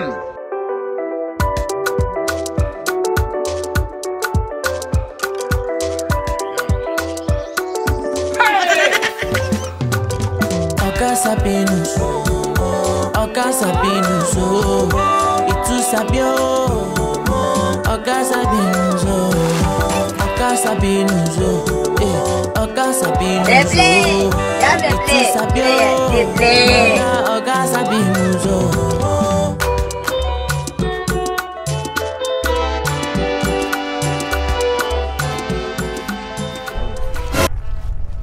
dànù. ọ̀ká sàbínú ọ̀ká sàbínú so ìtú sàbíọ́ ọ̀ká sàbínú so ọ̀ká sàbínú so eh, ọ̀ká sàbínú so ìtú sàbíọ́ ọ̀ká sàbínú so.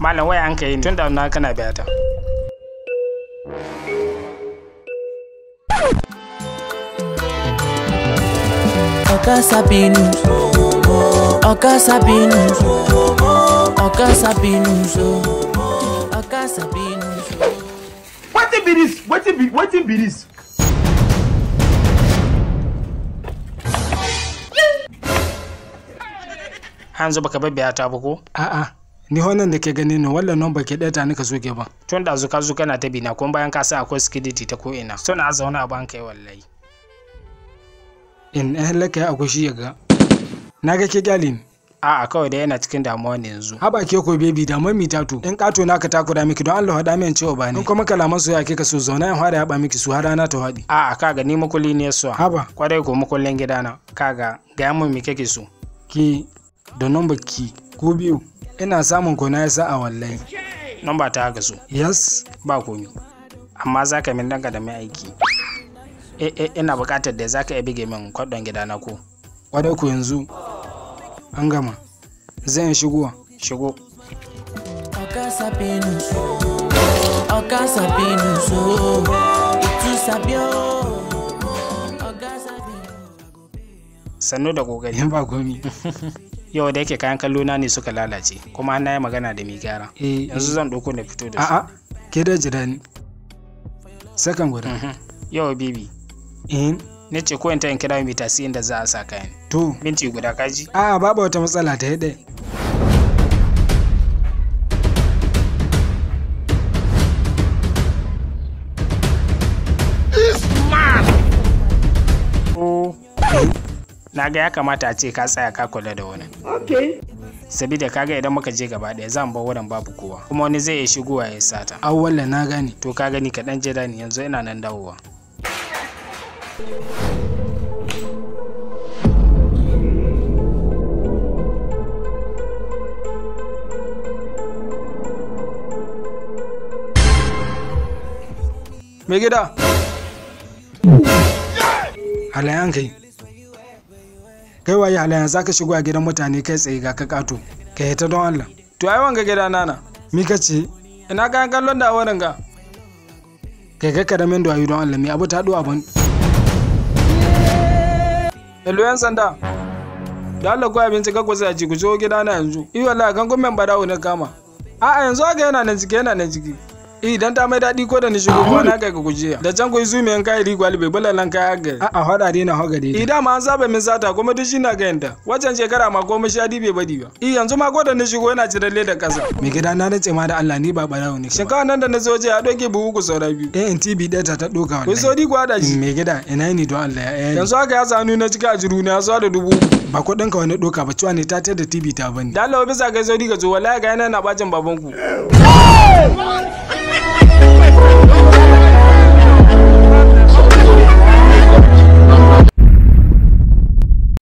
malam waya an ka yi ne tun da na kana biya Oka Sabinu Oka Sabinu Oka Sabinu Oka Sabinu Wetin be this? Wetin be wetin be this? Hanzo baka babbiya ta ba ko? A'a. ni honan da ke gani ne wallan nan baki ɗaya tani ka ke ba. tun da zuka zuka na ta bina kun bayan ka sa akwai security ta ko ina suna zauna a banka wallahi in eh laka akwai shi ga na ga ke kyalin a'a kawai da yana cikin damuwa ne yanzu ba ke ko baby da mami to in kato na ka takura miki don Allah hada min cewa bani kuma kalaman ke kika so zauna in hada yaba miki su harana ta hadi a'a kaga ni makulli ne so haba kwarai ko makullin gidana kaga ga mun me kake so ki da number ki ko biyu ina samun ko na sa'a a nan ba ta haka so yes ba komi amma za ka min danga da mai aiki eh eh ina buƙatar da za ka yi bige min kwadon na ko wadai ku yanzu an gama zan shigo shigo sannu da kokari ba komi yau da yake kayan kallo na ne suka lalace kuma na yi magana da mai gyara eh, eh. yanzu zan ɗauko na fito da su a'a ke da jira ni sakan guda mhm. yau bibi in eh? ne ce ko in ta kira mai tasirin da za a sa kayan to minti guda kaji a'a babu wata matsala ta ɗaya na ga ya kamata a ce ka tsaya ka kula da wani okay sabida kaga idan muka je gaba ɗaya zan bar wurin babu kowa kuma wani zai iya shigowa ya sata awwala na gane to ka gani ka dan jira ni yanzu ina nan dawowa Mai gida! Halayen kai. kai waye za ka shigo a gidan mutane kai tsaye ga ka kato ka ta don Allah to ai wanga gida nana mi ka ce ina kayan kallon da awarin ga kai ga karamin da don Allah mi abu ta duwa ban hello yan sanda da Allah ko abinci ka gwasa ji ku zo gida na yanzu iya Allah kan kun bada wani kama a'a yanzu ga yana nan ciki yana nan ciki Eh, dan ta mai daɗi ko da ni shigo ko ah, na kai ka kuje da can ku izumi an kai rigwal bai bala lan kai ga a a hoda dai na hoga dai idan eh, ma an saba min sata kuma duk shi na ga yanda wajen shekara ma goma sha dibe bai badi ba i eh, yanzu ma ko da ni shigo yana jiralle da kasa me gida na rantse ma da Allah ni ba barawo ne shekara nan da na zo je a doke buhu ku saura biyu eh in tibi data ta ta doka wannan ku so di hada shi me gida ina ni don Allah ya yanzu aka ya sanu na cika jiru na zo da dubu ba ko ka wani doka ba cewa ne ta tada tibi ta bani dalawa bisa ga zo di ga zo wallahi ga yana na bacin babanku